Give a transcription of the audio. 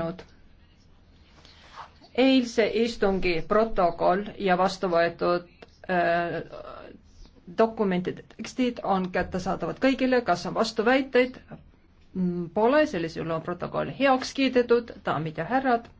olnud. eilse istungi protokoll ja vastu võetud äh, dokumentide tekstid on kättesaadavad kõigile, kas on vastuväiteid? Mm, pole, sellisel juhul on protokoll heaks kiidetud, daamid ja härrad